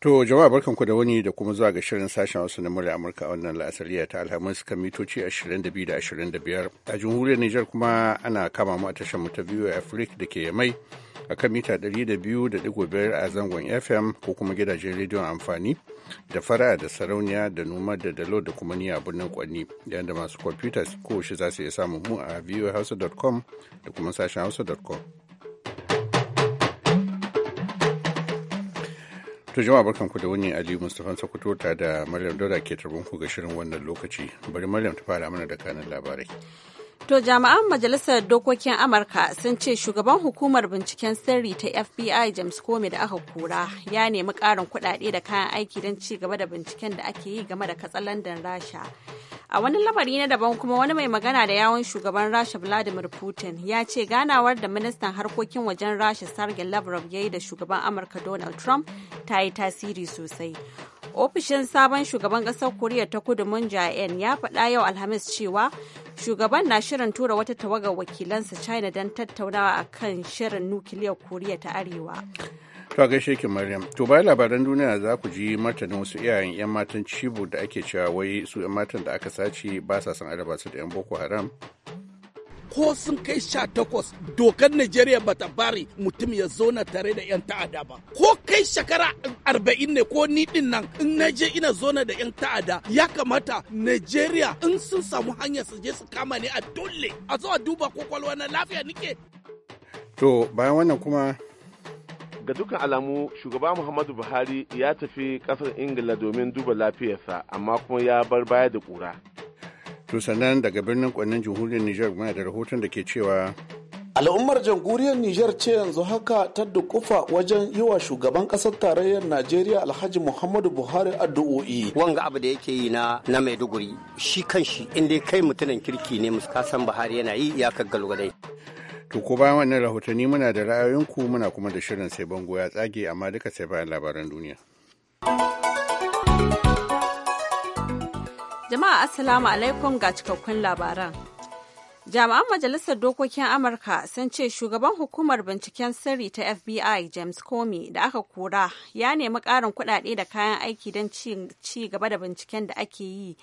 To jama'a barkanku da wani da kuma zuwa ga shirin sashen wasu na murya Amurka a wannan la'asariya ta alhamis kan mitoci 22 da 25. A jamhuriyar Nijar kuma ana kama mu a tashar mu ta biyu afrika da ke mai a kan mita 200.5 a zangon FM ko kuma gidajen rediyon amfani da fara da sarauniya da noma da dalo da kuma niya birnin kwanni yayin da masu kwamfuta ko shi za su iya samun mu a voahausa.com da kuma sashen hausa.com. To jama'a barkanku da wani Ali Mustapha Sokoto ta da Maryam Dauda ke tarbin ku ga shirin wannan lokaci. Bari Maryam ta fara mana da kanin labarai. To jami'an Majalisar Dokokin Amurka sun ce shugaban hukumar binciken sirri ta FBI James Comey da aka kura ya nemi karin kuɗaɗe da kayan aiki don ci gaba da binciken da ake yi game da katsalandan Rasha. a wani lamari na daban kuma wani mai magana da yawon shugaban rasha vladimir putin ya ce ganawar da ministan harkokin wajen rasha sergei lavrov ya yi da shugaban amurka donald trump ta yi tasiri sosai ofishin sabon shugaban ƙasar koriya ta kudu mun jae ya faɗa yau alhamis cewa shugaban na shirin tura wata tawagar wakilansa china don tattaunawa akan shirin nukiliyar koriya ta arewa To ga ki Maryam. To bayan labaran duniya za ku ji martanin wasu iyayen 'yan matan cibo da ake cewa wai su 'yan matan da aka sace ba sa son araba su da 'yan Boko Haram. Ko sun kai sha takwas dokar Najeriya bata bari mutum ya zauna tare da 'yan ta'ada ba. Ko kai shekara arba'in ne ko ni din nan in na je ina zona da 'yan ta'ada ya kamata Najeriya in sun samu hanyar su je su kama ne a dole a zo a duba kwakwalwa na lafiya nike. To bayan wannan kuma ga dukkan alamu shugaba muhammadu buhari ya tafi kasar ingila domin duba lafiyarsa amma kuma ya bar baya da kura to sannan daga birnin kwanan jamhuriyar niger muna da rahoton da ke cewa al'ummar jamhuriyar niger ce yanzu haka ta dukufa wajen yi wa shugaban kasar tarayyar najeriya alhaji muhammadu buhari addu'o'i wanga abu da yake yi na na maiduguri shi kanshi shi inda kai mutumin kirki ne muskasan buhari yana yi ya kaggalwadai To ko bayan wannan rahotanni muna da ra'ayoyinku muna kuma da shirin sai bango ya tsage amma duka sai bayan labaran duniya. Jama'a Assalamu alaikum ga cikakkun labaran. Jami'an Majalisar Dokokin Amurka sun ce shugaban hukumar binciken sirri ta FBI James Comey da aka kura ya nemi ƙarin kuɗaɗe da kayan aiki don ci gaba da binciken da ake yi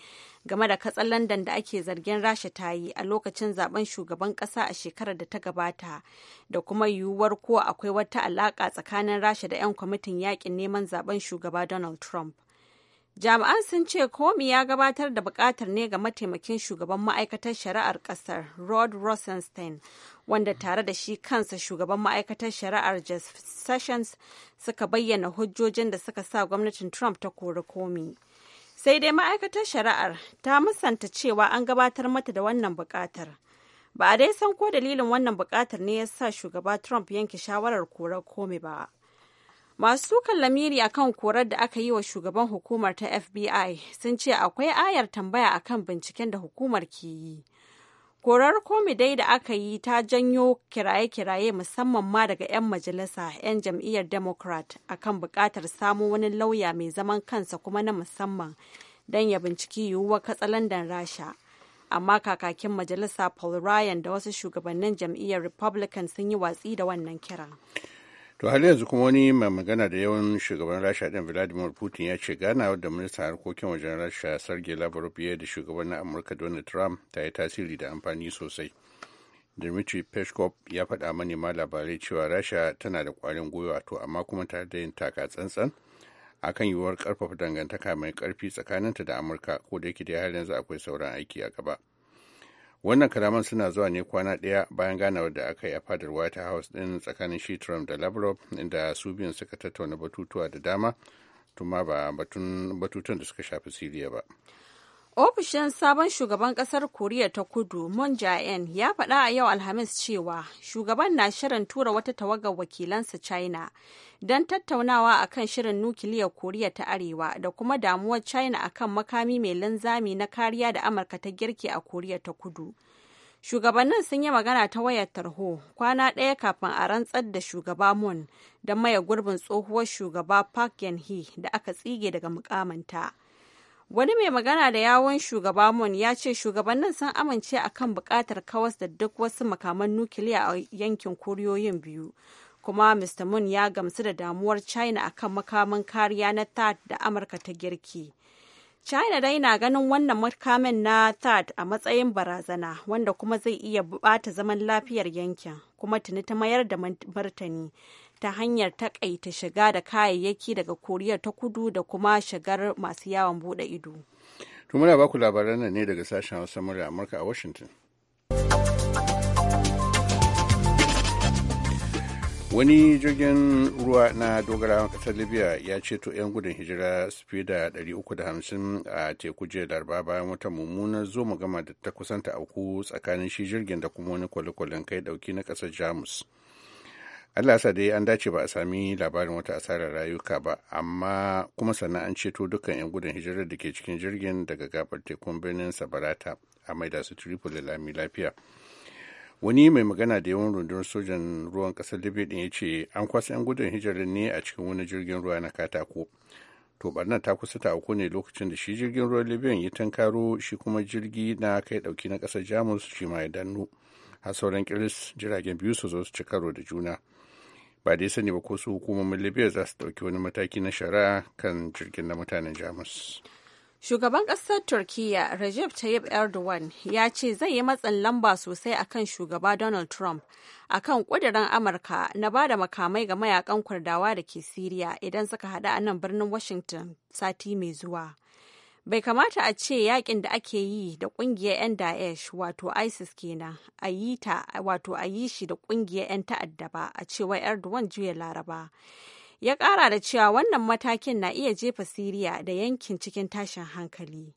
game da katsalandan da ake zargin rasha ta yi a lokacin zaben shugaban kasa a shekarar da ta gabata da kuma yiwuwar ko akwai wata alaka tsakanin rasha da 'yan kwamitin yakin neman zaben shugaba donald trump jami'an sun ce komi ya gabatar da bukatar ne ga mataimakin shugaban ma'aikatar shari'ar kasar rod rosenstein wanda tare da shi kansa shugaban ma'aikatar shari'ar jeff sessions suka bayyana hujjojin da suka sa gwamnatin trump ta kori komi sai dai ma'aikatar shari'ar ta musanta cewa an gabatar mata da wannan bukatar ba a dai san ko dalilin wannan bukatar ne ya sa shugaba trump yanke shawarar korar komi ba masu sukan lamiri akan korar da aka yi wa shugaban hukumar ta fbi sun ce akwai ayar tambaya akan binciken da hukumar ke yi Korar komidai da aka yi ta janyo kiraye-kiraye musamman ma daga 'yan majalisa 'yan jam'iyyar Democrat akan buƙatar samo wani lauya mai zaman kansa kuma na musamman don ya binciki yiwuwar katsalandan Rasha. Amma kakakin majalisa Paul Ryan da wasu shugabannin jam'iyyar Republican sun yi watsi da wannan kiran. to har yanzu kuma wani mai magana da yawan shugaban rasha din vladimir putin ya ce ganawar da ministan harkokin wajen rasha sarge lavrov ya da shugaban na amurka donald trump ta yi tasiri da amfani sosai dmitry peskov ya faɗa manema labarai cewa rasha tana da ƙwarin gwiwa to amma kuma ta da yin taka tsantsan akan yiwuwar ƙarfafa dangantaka mai ƙarfi tsakaninta da amurka ko da yake da har yanzu akwai sauran aiki a gaba wannan kalaman suna zuwa ne kwana ɗaya bayan ganawar da aka yi a fadar white house ɗin tsakanin shi trump da lavrov inda su biyun suka tattauna batutuwa da dama tuma ba batutun da suka shafi siriya ba Ofishin sabon shugaban kasar Koriya ta Kudu, Moon Jae-in, ya faɗa a yau Alhamis cewa shugaban na shirin tura wata tawagar wakilansa China don tattaunawa a kan shirin nukiliyar Koriya ta Arewa da kuma damuwar China akan makami mai linzami na kariya da Amurka ta girke a Koriya ta Kudu. Shugabannin sun yi magana ta wayar tarho kwana ɗaya kafin a rantsar da shugaba Moon da maye gurbin tsohuwar shugaba Park Geun-hye da aka tsige daga mukamanta. Wani mai magana da yawon shugaba mun ya ce shugabannin sun amince a kan bukatar kawas da duk wasu makaman nukiliya a yankin kuriyoyin biyu. Kuma Mr. mun ya gamsu da damuwar China a kan makaman kariya na THAAD da Amurka ta girki. China dai na ganin wannan makamin na THAAD a matsayin barazana wanda kuma zai iya bata zaman lafiyar yankin kuma tuni ta mayar da martani. ta hanyar takaita shiga da kayayyaki daga koriya ta kudu da kuma shigar masu yawon bude ido to muna baku labaran nan ne daga sashen hausa murya amurka a washington wani jirgin ruwa na dogara kasar libya ya ceto 'yan gudun hijira fiye da 350 a teku jiya laraba bayan wata mummunar zo mu gama da ta kusanta auku tsakanin shi jirgin da kuma wani kwale-kwalen kai dauki na kasar jamus Allah sa dai an dace ba a sami labarin wata asarar rayuka ba amma kuma sannan an ceto dukkan 'yan gudun hijirar da ke cikin jirgin daga gabar tekun birnin Sabarata a maida su Tripoli lami lafiya. Wani mai magana da yawan rundunar sojan ruwan kasar Libya din ya ce an kwasa 'yan gudun hijirar ne a cikin wani jirgin ruwa na katako. To barnar ta kusa ta auku ne lokacin da shi jirgin ruwan Libya ya tankaro shi kuma jirgi na kai dauki na kasar Jamus shi ma ya danno. Har sauran kiris jiragen biyu su zo su ci karo da juna. ba dai sani ba ko su hukumomin libya za su ɗauki wani mataki na shari'a kan jirgin na mutanen jamus shugaban kasar turkiya recep tayyip erdogan ya ce zai yi matsin lamba sosai akan shugaba donald trump akan ƙudurin amurka na ba da makamai ga mayakan kurdawa da ke siriya idan suka hada a nan birnin washington sati mai zuwa bai kamata a ce yakin da ake yi da kungiyar 'yan daesh wato isis kenan a yi ta wato a yi shi da kungiyar 'yan ta'adda ba a cewar erdogan juya laraba ya kara da cewa wannan matakin na iya jefa siriya da yankin cikin tashin hankali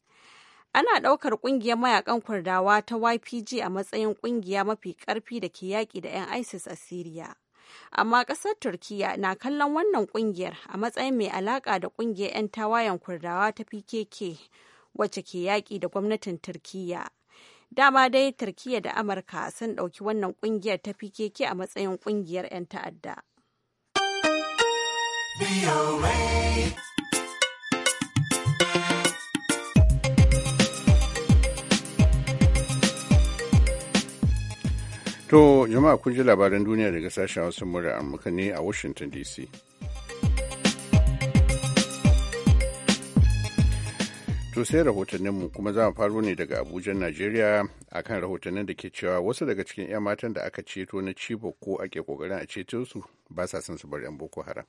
ana ɗaukar ƙungiyar mayakan kurdawa ta ypg a matsayin ƙungiya mafi ƙarfi da ke yaƙi da 'yan isis a siriya Amma ƙasar Turkiyya na kallon wannan ƙungiyar a matsayin mai alaƙa da ƙungiyar 'yan tawayen Kurdawa ta PKK wacce ke yaƙi da gwamnatin Turkiyya. Dama dai Turkiyya da Amurka sun ɗauki wannan ƙungiyar ta PKK a matsayin ƙungiyar 'yan ta'adda. To, jama'a kun ji labaran duniya daga sashen wasu murar Amurka ne a Washington DC. To sai rahotanninmu kuma za mu faro ne daga Abuja, Najeriya a kan rahotannin da ke cewa wasu daga cikin 'yan matan da aka ceto na cibo ko ake kokarin a ceto su ba sa son su bar 'yan Boko Haram.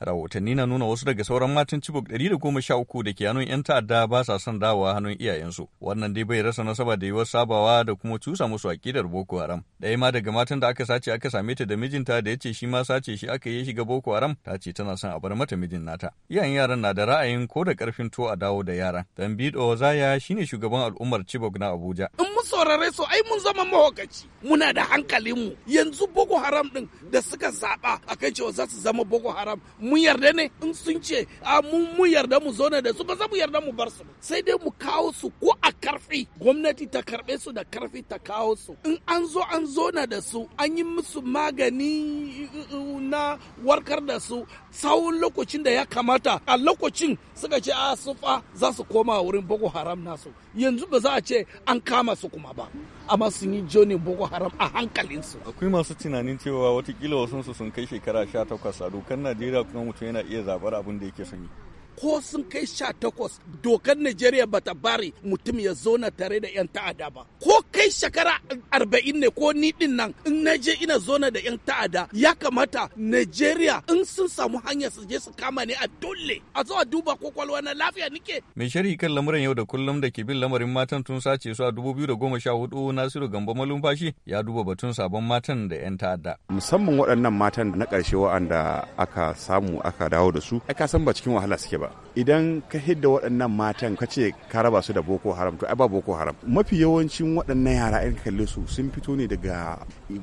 Rahotanni na nuna wasu daga sauran matan Chibok 113 da ke hannun 'yan ta'adda ba sa son dawowa hannun iyayensu. Wannan dai bai rasa nasaba da yiwuwar sabawa da kuma cusa musu aƙidar Boko Haram. Ɗaya ma daga matan da aka sace aka same ta da mijinta da ya ce shi ma sace shi aka yi shiga Boko Haram ta ce tana son a bar mata mijin nata. Iyayen yaran na da ra'ayin ko da ƙarfin to a dawo da yaran. Dambido Zaya shine shugaban al'ummar cibok na Abuja. In mu saurare su ai mun zama mahaukaci muna da hankalinmu yanzu Boko Haram ɗin da suka zaɓa akan cewa za su zama Boko Haram mun yarda ne in sun ce a ah, mun yarda mu zo ne da su ba za mu yarda mu bar su sai dai mu kawo su kuɗi gwamnati ta karɓe su da karfi ta kawo su in an zo an zo na da su an yi musu magani uh, uh, uh, na warkar da su tsawon lokacin da ya kamata a lokacin suka ce a ah, sufa za su koma wurin boko haram nasu yanzu ba za a ce an kama su kuma ba amma sun yi jonin boko haram a hankalinsu akwai masu tunanin cewa watakila wasu sun kai shekara 18 a dokar najeriya kuma mutum yana iya zabar abin da yake son ko sun kai sha takwas dokar Najeriya ta bari mutum ya zauna tare da 'yan ta'ada ba. Ko kai shekara arba'in ne ko ni din nan in na je ina zona da 'yan ta'ada ya kamata Najeriya in sun samu hanyar su je su kama ne a dole a zo a duba kwakwalwa na lafiya nike. Mai shari'a kan lamuran yau da kullum da ke bin lamarin matan tun sace su a hudu Nasiru Gambo malumfashi ya duba batun sabon matan da 'yan ta'ada. Musamman waɗannan matan na ƙarshe wa'anda aka samu aka dawo da su, ai ka san ba cikin wahala suke ba. ba idan ka hidda waɗannan matan ka ce ka raba su da boko haram to ai ba boko haram mafi yawancin waɗannan yara in kalle su sun fito ne daga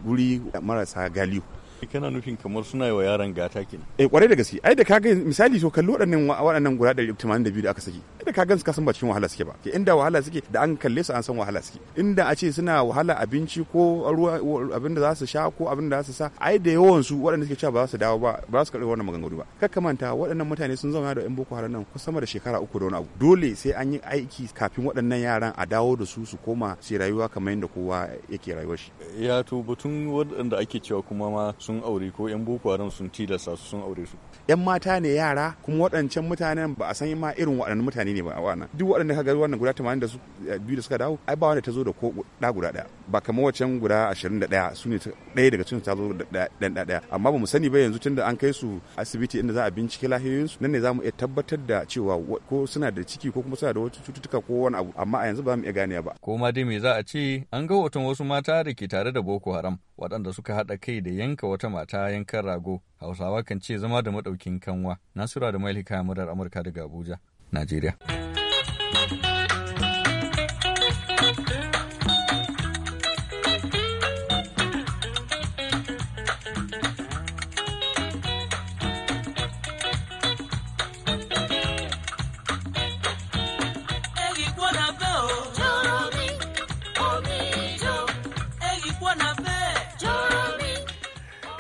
guri marasa galihu kana nufin kamar suna yi wa yaran gata kenan eh kwarai da gaske ai da kaga misali to kallo waɗannan waɗannan guda 182 da aka saki da ka gansu kasan ba cikin wahala suke ba inda wahala suke da an kalle su an san wahala suke inda a ce suna wahala abinci ko ruwa abin da za su sha ko abin da za su sa ai da yawan su waɗanda suke cewa ba za su dawo ba ba za su karɓi wannan maganganu ba kakka manta waɗannan mutane sun zauna da yan boko haram nan kusa da shekara uku da wani abu dole sai an yi aiki kafin waɗannan yaran a dawo da su su koma su rayuwa kamar yadda kowa yake rayuwar shi ya to batun waɗanda ake cewa kuma ma sun aure ko yan boko haram sun tilasta su sun aure su yan mata ne yara kuma waɗancan mutanen ba a san ma irin waɗannan mutane ne ba wannan duk waɗanda kaga wannan guda 80 da su eh, biyu da suka dawo ai ba wanda ta zo da ko da guda daya ba kamar wancan guda 21 su ne ɗaya daga cikin ta zo da ɗan daya amma ba mu sani ba yanzu tunda an kai su asibiti inda za a bincike su nan ne za mu iya tabbatar da cewa ko suna da ciki ko kuma suna da wata cututtuka ko wani abu amma a yanzu ba mu iya gane ba ko ma dai me za a ce an ga hoton wasu mata da ke tare da Boko Haram waɗanda suka haɗa kai da yanka wata mata yankan rago hausawa kan ce zama da maɗaukin kanwa nasura da mailika murar amurka daga abuja 哪几点？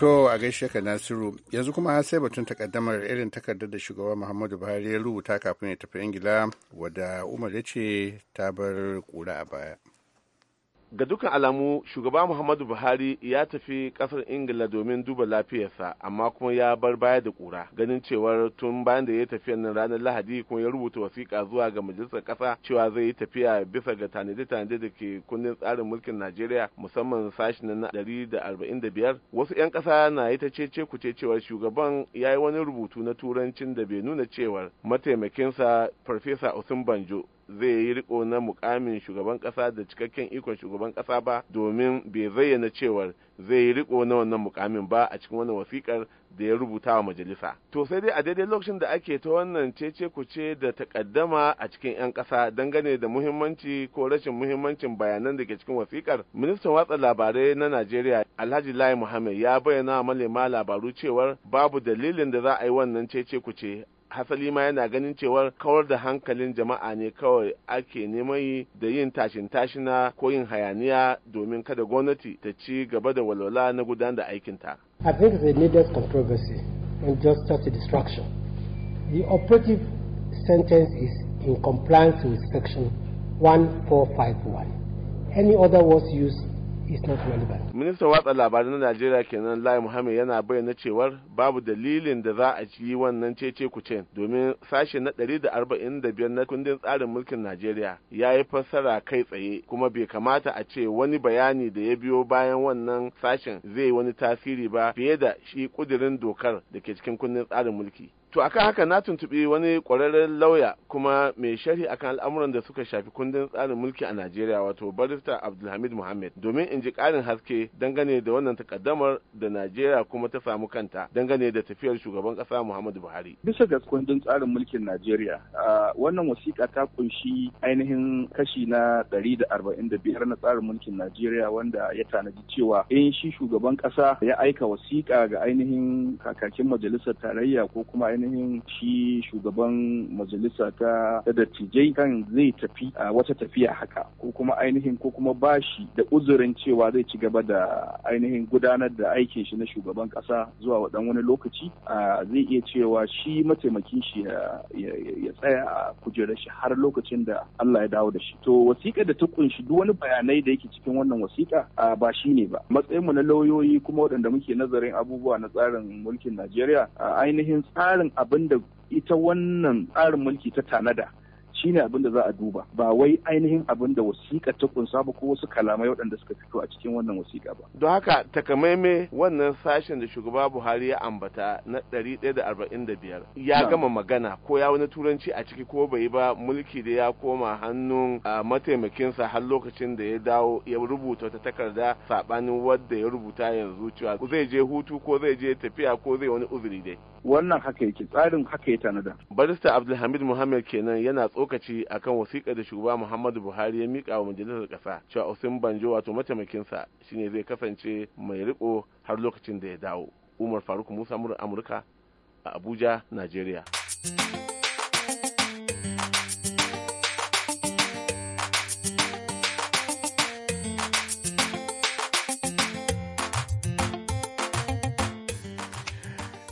To a gaishe ka Nasiru yanzu kuma sai batun takaddamar irin takardar da shugaba Muhammadu Buhari ya rubuta kafin ya tafi Ingila wadda Umar ya ce ta bar kura a baya. ga dukkan alamu shugaba muhammadu buhari ya tafi kasar ingila domin duba lafiyarsa amma kuma ya bar baya da kura ganin cewar tun bayan da ya tafi nan ranar lahadi kuma ya rubuta wasiƙa zuwa ga majalisar ƙasa cewa zai yi tafiya bisa ga tanade-tanade da ke kundin tsarin mulkin najeriya musamman sashen na ɗari da arba'in da biyar wasu 'yan ƙasa na yi ta cece kuce cewar shugaban ya yi wani rubutu na turancin da bai nuna cewar mataimakinsa farfesa usman banjo zai yi riko na mukamin shugaban kasa da cikakken ikon shugaban kasa ba domin bai zayyana cewar zai yi riko na wannan mukamin ba a cikin wannan wasikar da ya rubuta wa majalisa to sai dai a daidai lokacin da ake ta wannan cece kuce da takaddama a cikin 'yan kasa dangane da muhimmanci ko rashin muhimmancin bayanan da ke cikin wasikar ministan watsa labarai na najeriya alhaji lai muhammad ya bayyana malema labaru cewar babu dalilin da za a yi wannan cece kuce hasali ma yana ganin cewa kawar da hankalin jama'a ne kawai ake neman yi da yin tashin tashina ko yin hayaniya domin kada gwamnati ta ci gaba da walwala na gudanar da ta. I think it's a controversy and just such a distraction. The operative sentence is in compliance with section 1451. Any other words used Ministan watsa labarai na Najeriya kenan Lai Muhammad yana bayyana cewar babu dalilin da za a ci wannan cece kucen domin sashe na 145 na kundin tsarin mulkin Najeriya ya yi fassara kai tsaye kuma bai kamata a ce wani bayani da ya biyo bayan wannan sashen zai wani tasiri ba fiye da shi kudirin dokar da ke cikin kundin tsarin mulki. to akan haka na tuntuɓi wani ƙwararren lauya kuma mai sharhi akan al'amuran da suka shafi kundin tsarin mulki a najeriya wato barista abdulhamid muhammad domin in ji ƙarin haske dangane da wannan takaddamar da najeriya kuma ta samu kanta dangane da tafiyar shugaban ƙasa muhammadu buhari bisa ga kundin tsarin mulkin najeriya wannan wasiƙa ta kunshi ainihin kashi na ɗari da arba'in da biyar na tsarin mulkin najeriya wanda ya tanadi cewa in shi shugaban ƙasa ya aika wasiƙa ga ainihin kakakin majalisar tarayya ko kuma ainihin ainihin shi shugaban majalisa ta dattijai kan zai tafi a wata tafiya haka ko kuma ainihin ko kuma bashi da uzurin cewa zai ci gaba da ainihin gudanar da aikin shi na shugaban kasa zuwa wadan wani lokaci zai iya cewa shi mataimakin shi ya tsaya a kujerar shi har lokacin da Allah ya dawo da shi to wasiƙar da ta kunshi duk wani bayanai da yake cikin wannan wasiƙa ba shi ne ba matsayinmu na lauyoyi kuma waɗanda muke nazarin abubuwa na tsarin mulkin Najeriya a ainihin tsarin abin da ita wannan tsarin mulki ta tanada shine abin da za a duba ba wai ainihin abin da wasiƙa ta kunsa ba ko wasu kalamai waɗanda suka fito a cikin wannan wasiƙa ba don haka takamaime wannan sashen da shugaba buhari ya ambata na ɗari ɗaya da da biyar ya gama magana ko ya wani turanci a ciki ko bai ba mulki da ya koma hannun mataimakinsa har lokacin da ya dawo ya rubuta wata takarda saɓanin wadda ya rubuta yanzu cewa zai je hutu ko zai je tafiya ko zai wani uzuri dai wannan haka yake tsarin haka ya tanada barista abdulhamid muhammad kenan yana tsokaci akan wasiƙa da shugaba muhammadu buhari ya miƙa wa majalisar ƙasa cewa usin banjo wato mataimakinsa shine zai kasance mai riko har lokacin da ya dawo umar faruk musa amurka a abuja najeriya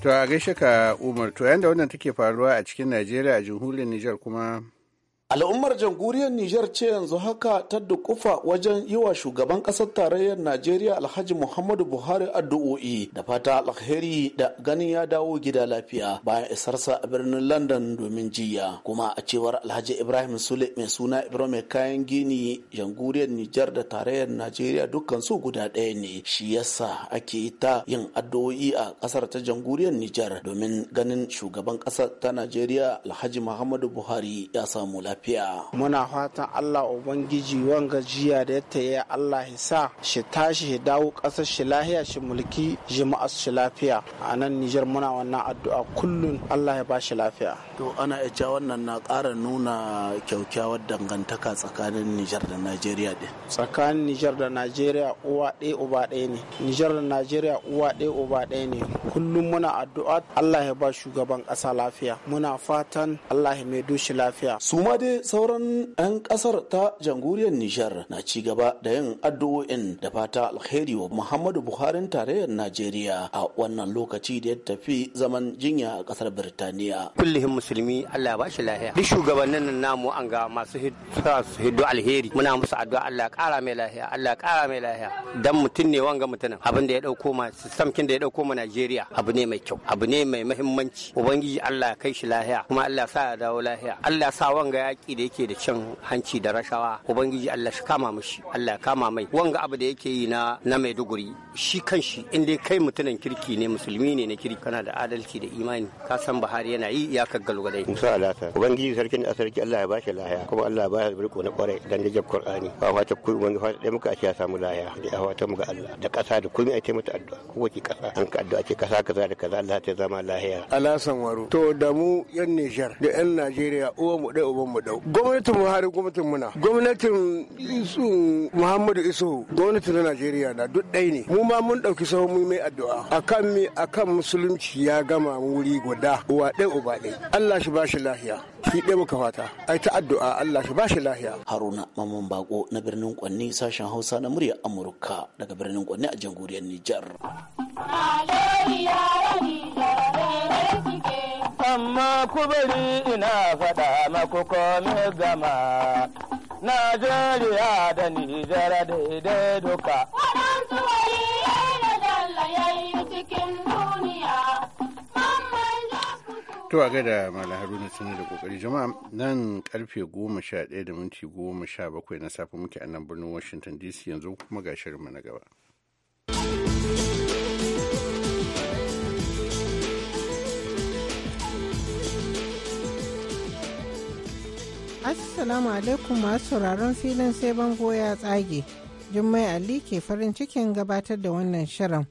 to a gaishe ka umar to yanda wannan take faruwa a cikin najeriya a jamhuriyar niger kuma al'ummar jamhuriyar nijar ce yanzu haka ta dukufa wajen yi wa shugaban ƙasar tarayyar najeriya alhaji muhammadu buhari addu'o'i da fata alheri da ganin ya dawo gida lafiya bayan isarsa a birnin london domin jiya kuma a cewar alhaji ibrahim sule mai suna ibrahim mai kayan gini jamhuriyar nijar da tarayyar najeriya dukkan su guda ɗaya ne shi yasa ake ta yin addu'o'i a ƙasar ta jamhuriyar nijar domin ganin shugaban ƙasar ta najeriya alhaji muhammadu buhari ya samu lafiya lafiya. Muna fatan Allah Ubangiji wanga jiya da ya taya Allah ya sa shi tashi shi dawo ƙasar shi lahiya shi mulki jama'a shi lafiya. A nan Nijar muna wannan addu'a kullum Allah ya ba shi lafiya. To ana ita wannan na ƙara nuna kyaukyawar dangantaka tsakanin Nijar da Najeriya ɗin. Tsakanin Nijar da Najeriya uwa ɗaya uba ɗaya ne. Nijar da Najeriya uwa ɗaya uba ɗaya ne. Kullum muna addu'a Allah ya ba shugaban ƙasa lafiya. Muna fatan Allah ya mai shi lafiya. Su ma dai sauran 'yan kasar ta jamhuriyar Nijar na ci gaba da yin addu'o'in da fata alheri wa Muhammadu Buhari tarayyar Najeriya a wannan lokaci da ya tafi zaman jinya a kasar Birtaniya. Kullihin musulmi Allah ba shi lahiya. Duk shugabannin namu an ga masu hiddo alheri muna musu addu'a Allah kara mai lahiya Allah kara mai lahiya dan mutum ne wanga mutumin abin da ya dauko ma samkin da ya dauko ma Najeriya abu ne mai kyau abu ne mai muhimmanci ubangiji Allah ya kai shi lahiya kuma Allah sa ya dawo lahiya Allah sa wanga ya yaƙi da yake da cin hanci da rashawa ubangiji Allah shi kama mishi Allah ya kama mai wanga abu da yake yi na na Maiduguri shi kanshi in dai kai mutunan kirki ne musulmi ne na kirki kana da adalci da imani ka san Buhari yana yi ya kaggalu gadai Musa Alata ubangiji sarkin da sarki Allah ya bashi lahiya kuma Allah ya bashi birko na kwarai dan dajab Qur'ani ba wata ku wani fa dai muka ci ya samu lahiya da wata muka Allah da kasa da komai ai taimaka addu'a k'o wace kasa an ka addu'a ce kasa kaza da kaza Allah ta zama lahiya Alasan Waro to da mu yan Niger da yan Najeriya uwa mu dai uban mu da dau gwamnatin Buhari gwamnatin muna gwamnatin Muhammadu Isu gwamnatin na Najeriya na duk ɗaya ne mu ma mun ɗauki sahun mu mai addu'a akan mi akan musulunci ya gama wuri guda uwa ɗaya uba ɗaya Allah shi ba shi lahiya shi ɗaya muka fata ai ta addu'a Allah shi ba shi lahiya Haruna Mamman Bako na birnin Kwanni sashen Hausa na murya Amurka daga birnin Kwanni a jamhuriyar Nijar Hallelujah kuma ku ina faɗa maku kome gama. Najeriya da Nijar daidai duka. Waɗansu wari da cikin duniya. To a gada Malam Haruna Sani da kokari jama'a nan karfe goma sha ɗaya da minti goma sha bakwai na safe muke a nan birnin Washington DC yanzu kuma ga shirinmu na gaba. Assalamu alaikum masu sauraron filin sai bango ya tsage. Jummai Ali ke farin cikin gabatar da wannan shirin.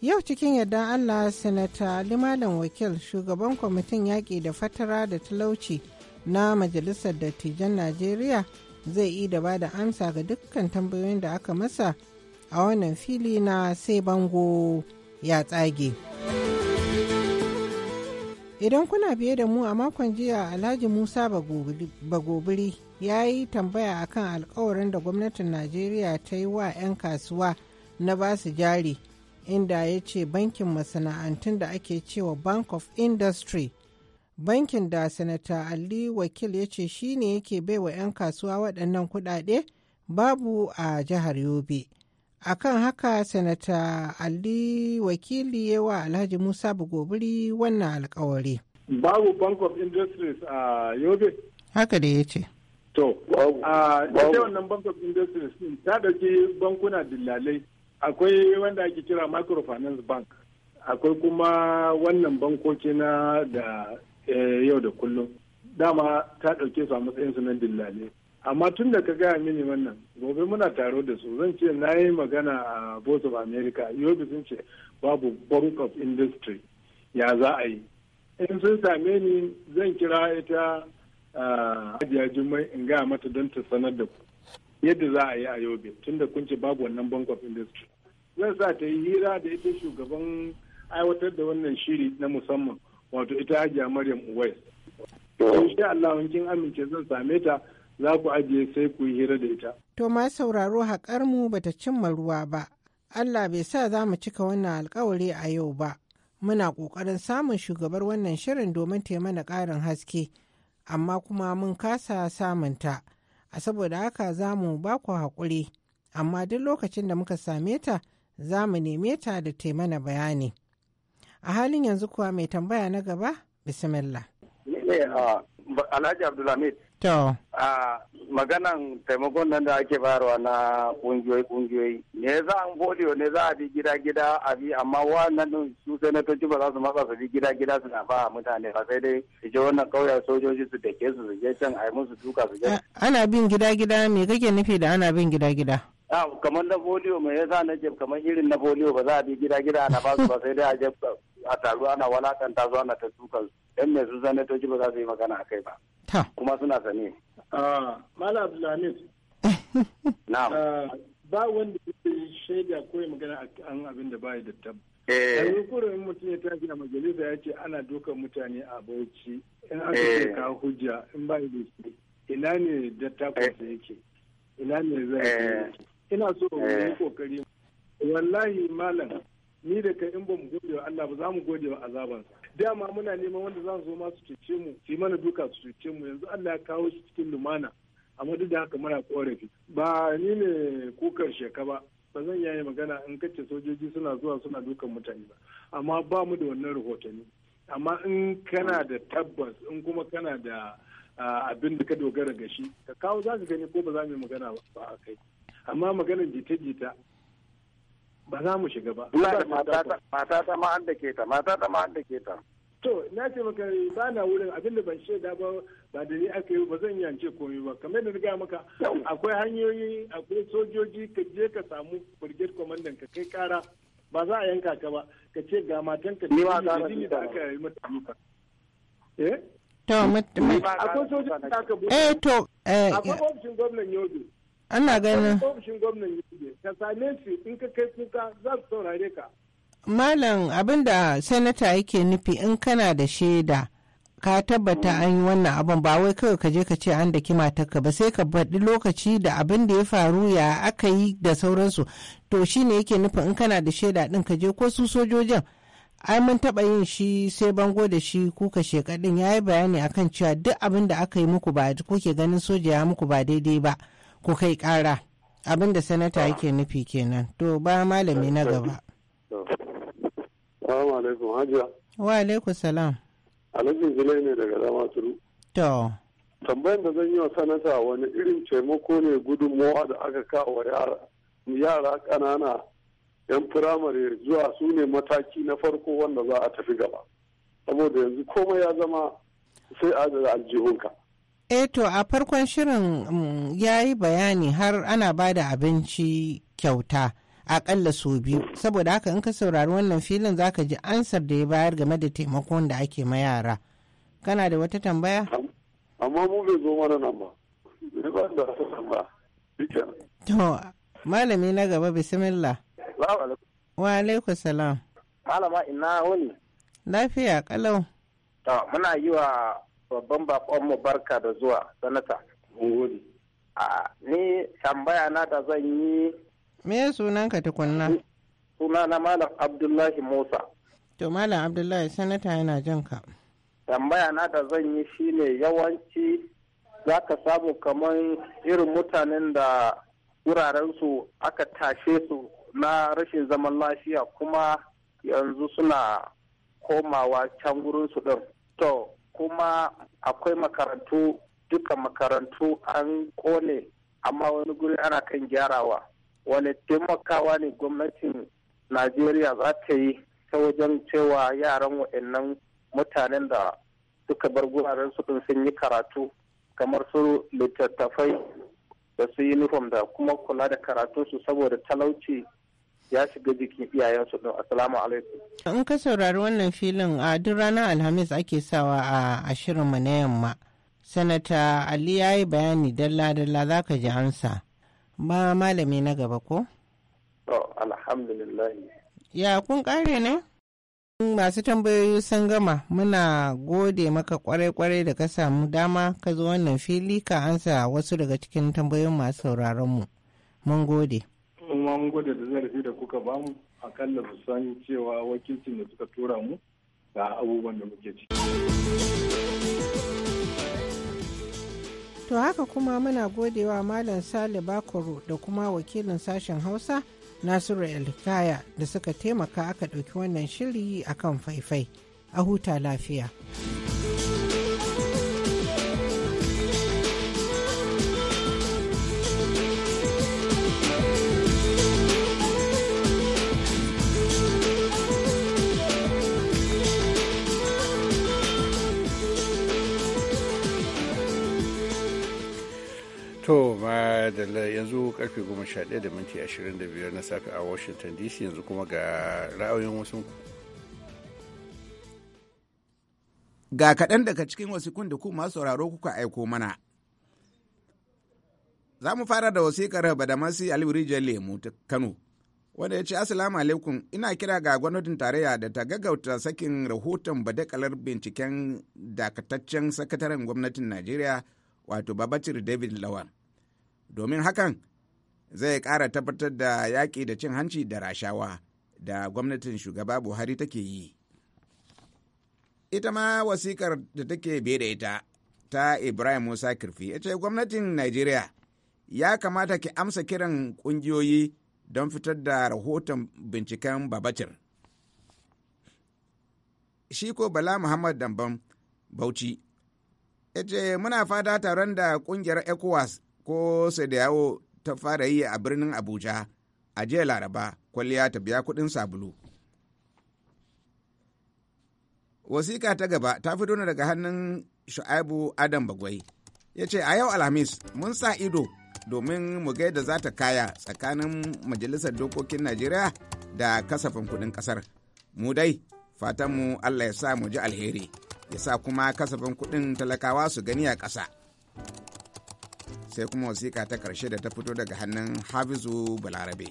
Yau cikin yadda Allah Sanata Ali Wakil shugaban kwamitin yaƙi da fatara da talauci na Majalisar Dattijan Najeriya zai yi da ba da amsa ga dukkan tambayoyin da aka masa a wannan fili na sai bango ya tsage. Idan kuna biye da mu a makon jiya Alhaji Musa Bagobiri ya yi tambaya akan alkawarin da gwamnatin Najeriya ta yi wa 'yan kasuwa na basu jari inda ya ce bankin masana'antun da ake cewa Bank of Industry bankin da sanata Ali Wakil ya ce shi ne yake baiwa 'yan kasuwa waɗannan kuɗaɗe babu a jihar Yobe. akan haka sanata ali wakili yawa alhaji musa bugobiri wannan alkawari babu bank of industries a yobe haka da ya ce to a wannan bank of industries ta dauki bankuna dillalai akwai wanda ake kira microfinance bank akwai kuma wannan bankoki na da eh, yau da kullum dama ta dauke su a matsayin su na dillalai amma tun da ka gaya mini wannan gobe muna taro da su zan ce na yi magana a voice of america yobe sun ce babu bank of industry ya za a yi in sun same ni zan kira ita hajiya jummai in gaya mata don ta sanar da ku yadda za a yi a yobe tun da kun ce babu wannan bank of industry zan sa ta yi hira da ita shugaban aiwatar da wannan shiri na musamman wato ita hajiya maryam uwais in sha Allah kin amince zan same ta za ku ajiye sai ku yi hira da ita. To ma sauraro haƙar mu bata cimma ruwa ba. Allah bai sa za mu cika wannan alkawari a yau ba. Muna ƙoƙarin samun shugabar wannan shirin domin taimana ƙarin haske, amma kuma mun kasa samunta. A saboda haka za mu ba ku haƙuri, amma duk lokacin da muka same ta za mu neme ta da ta bayani. A halin yanzu kuwa mai tambaya na gaba, bismillah. Ah, Alhaji Abdulhamid, A maganan taimakon nan da ake bayarwa na kungiyoyi kungiyoyi. Me za an foliyo ne za a bi gida gida a bi amma wannan din su sanatoci ba za su matsa su bi gida gida suna ba mutane ba sai dai su je wannan kauyen sojoji su dake su su je can a yi musu duka su je. Ana bin gida gida me kake nufi da ana bin gida gida? kamar na polio mai yasa na je kamar irin na polio ba za a bi gida gida ana su ba sai dai a je a taru ana walakanta su ana ta dukan dan me su sanatoci ba za su yi magana a kai ba. kuma suna sani. Ah, mala abdulhamid ah, ba wanda ya shaida ko ya magana an abin da bayi da tab eh. yanzu kurin mutum ya tafi a majalisa ya ce ana dukan mutane a bauchi in an ka eh. kawo hujja in bayi da shi ina ne da takwasa eh. yake ina ne zai ina so yi kokari wallahi malam ni da ka in ba mu gode wa Allah ba za mu gode wa azabansa dama muna neman wanda za su zo ma su cece mu su yi mana duka su cece mu yanzu Allah ya kawo shi cikin lumana amma duk da haka muna korafi ba ni ne kukar sheka ba ba zan iya yi magana in kace sojoji suna zuwa suna dukan mutane ba amma ba mu da wannan rahotanni amma in kana da tabbas in kuma kana da abin da ka dogara ga shi ka kawo za ka gani ko ba za mu yi magana ba a kai amma maganar jita-jita ba za mu shiga ba. Mata ta ma an da ke ta, mata ta ma an da ke ta. To, na ce maka ba na wurin abin da ban da ba ba da ni aka yi ba zan yance komai ba. Kamar da gaya maka akwai hanyoyi, akwai sojoji ka je ka samu brigade commandant ka kai kara ba za a yanka ka ba ka ce ga ka ne da aka yi mata duka. Eh? To, akwai sojoji da aka buɗe. Eh, to, eh, akwai ofishin gwamnan Yobe. ana ganin ofishin gwamnan yake ka same shi in ka kai kuka za su saurare ka malam abinda sanata yake nufi in kana da shaida ka tabbata mm. an yi wannan abin ba wai kawai ka je ka ce an da ka ba sai ka baɗi lokaci da abin da ya faru ya aka yi da sauransu to shi ne yake nufi in kana da shaida ɗin ka je ko su sojojin ai mun taɓa yin shi sai bango da shi kuka shekaɗin ya yi bayani akan cewa duk abin da aka yi muku ba kuke ganin soja ya muku ba daidai ba ku kai ƙara abin da sanata ah. yake nufi kenan to ba malami na gaba salamu alaikum hajiya wa alaikum salam alhaji zile ne daga zama turu to tambayan da zan yi wa sanata wani irin taimako ne gudunmawa da aka kawo yara yara ƙanana 'yan firamare zuwa su ne mataki na farko wanda za a tafi gaba saboda yanzu komai ya zama sai a aljihunka Eto eh to a farkon shirin mm, ya yi bayani har ana ba da abinci kyauta akalla sau biyu saboda haka in ka saurari wannan filin zaka ji ansar da ya bayar game da taimakon da ake ma yara kana da wata tambaya amma mu bai zo mana nan ba ba da ba to malami na gaba bismillah wa alaikum salam malama ina wani lafiya kalau to muna yi wa babban bakon mu barka da zuwa sanata gode a ni tambaya na da zan yi me sunanka tukunna na malam abdullahi musa to malam abdullahi sanata yana jin ka tambaya na da zan yi shine yawanci za ka samu kamar irin mutanen da wurarensu aka tashe su na rashin zaman lafiya kuma yanzu suna komawa can gurinsu ɗin. To, kuma akwai makarantu duka makarantu an kone amma wani guri ana kan gyarawa wani taimakawa ne gwamnatin najeriya za ta yi ta wajen cewa yaran waɗannan mutanen da suka bar guraren su sun yi karatu kamar su littattafai da su uniform da kuma kula da karatunsu saboda talauci ya shiga jikin iyayensu don assalamu alaikum in ka saurari wannan filin a duk ranar alhamis ake sawa a ashirinmu na yamma sanata ali ya yi bayani dalla-dalla za ka ji ansa ba malami na gaba ko to alhamdulillah ya kun kare ne masu tambayoyi sun gama muna gode maka kwarai-kwarai da ka samu dama ka zo wannan fili ka ansa wasu daga cikin tambayoyin masu sauraronmu mun gode kuma mun gode da zarafi da kuka bamu akalla su san cewa wakilcin da suka tura mu ga abubuwan da muke ciki. To haka kuma muna godewa Malam Sale Bakoro da kuma wakilin sashen Hausa Nasiru Elkaya da suka taimaka aka ɗauki wannan shiri akan faifai. A huta lafiya. To da yanzu karfe 11 na safe a Washington DC yanzu kuma ga ra'ayoyin wasu. Ga kaɗan daga cikin wasikun da ku masu sauraro kuka aiko mana. Za mu fara da wasikar Badamasi Alwirijar Lemu ta Kano, wanda ya ce asalamu alaikum ina kira ga gwamnatin tarayya da ta gaggauta sakin rahoton badakalar binciken dakataccen sakataren gwamnatin Najeriya wato babacir david lawan domin hakan zai kara tabbatar da yaƙi da cin hanci da rashawa da gwamnatin shugaba buhari take yi ita ma wasikar da take biye da ita ta ibrahim musa kirfi ya ce gwamnatin najeriya ya kamata ki amsa kiran ƙungiyoyi don fitar da rahoton binciken babacir shi ko bala muhammad dambam bauchi ya ce muna fata taron da kungiyar ecowas ko sadiyawo ta fara yi a birnin abuja a jiya laraba kwalliya ta biya kudin sabulu Wasiƙa ta gaba ta fito daga hannun shu'aibu adam bagwai ya ce a yau alhamis mun sa ido domin mu gaida za ta kaya tsakanin majalisar dokokin najeriya da kasafin kudin kasar mu dai fatanmu allah ya sa mu ji alheri ya sa kuma kasafin kudin talakawa su gani a ƙasa sai kuma wasiƙa ta ƙarshe da ta fito daga hannun hafizu balarabe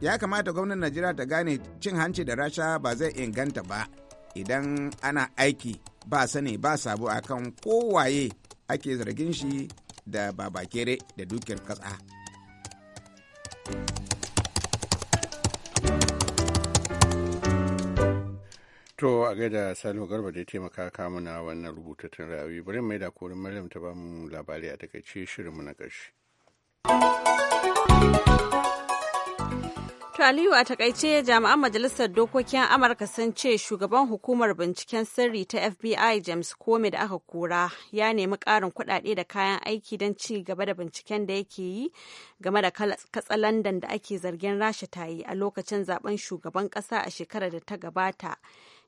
ya kamata gwamnan najeriya ta gane cin hanci da rasha ba zai inganta ba idan ana aiki ba sani ba sabo akan kowaye ake zargin shi da babakere da dukiyar ƙasa. To a gaida Salihu Garba da ya taimaka kamu na wannan rubutattun rayuwa bari mai da korin Maryam ta bamu labari a takaice shirinmu na ƙarshe. To Aliyu a takaice jami'an Majalisar Dokokin Amurka sun ce shugaban hukumar binciken sirri ta FBI James Comey da aka kura ya nemi ƙarin kuɗaɗe da kayan aiki don ci gaba da binciken da yake yi game da katsalandan da ake zargin Rasha ta yi a lokacin zaben shugaban ƙasa a shekarar da ta gabata.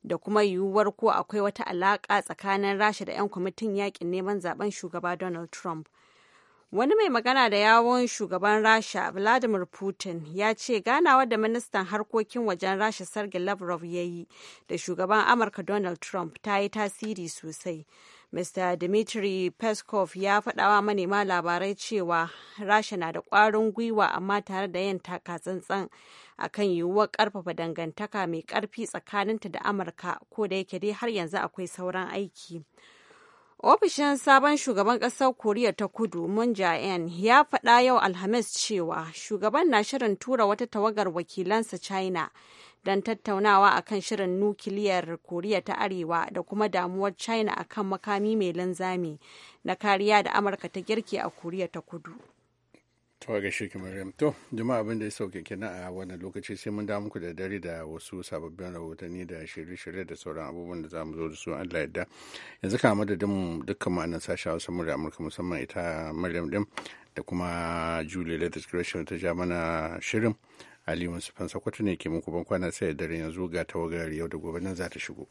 da kuma yiwuwar ko akwai wata alaƙa tsakanin rasha da 'yan kwamitin yakin neman zaben shugaba donald trump wani mai magana da yawon shugaban rasha vladimir putin ya ce ganawa da ministan harkokin wajen rasha sergei lavrov ya yi da shugaban amurka donald trump ta yi tasiri sosai Mr. Dmitry Peskov ya faɗawa manema labarai cewa Rasha na da ƙwarin gwiwa amma tare da yin takatsantsan a kan yiwuwar ƙarfafa dangantaka mai ƙarfi tsakaninta da Amurka ko da yake dai har yanzu akwai sauran aiki. Ofishin sabon shugaban ƙasar Koriya ta Kudu Moon jae ya faɗa yau Alhamis cewa shugaban na shirin tura wata tawagar wakilansa China don tattaunawa akan shirin nukiliyar koriya ta arewa da kuma damuwar china akan makami mai linzami na kariya da amurka ta girki a koriya ta kudu to ga shi to jama'a abin da ya sauke kina a wannan lokaci sai mun da muku da dare da wasu sababbin rahotanni da shirye-shirye da sauran abubuwan da zamu zo da su Allah yadda yanzu kama da dukkan ma'anar sashen Hausa murya Amurka musamman ita Maryam din da kuma Julie Letters Creation ta ja shirin Aliyu Mustapha Sokoto ne ke muku bankwana sai da dare yanzu ga tawagar yau da gobe nan za ta shigo.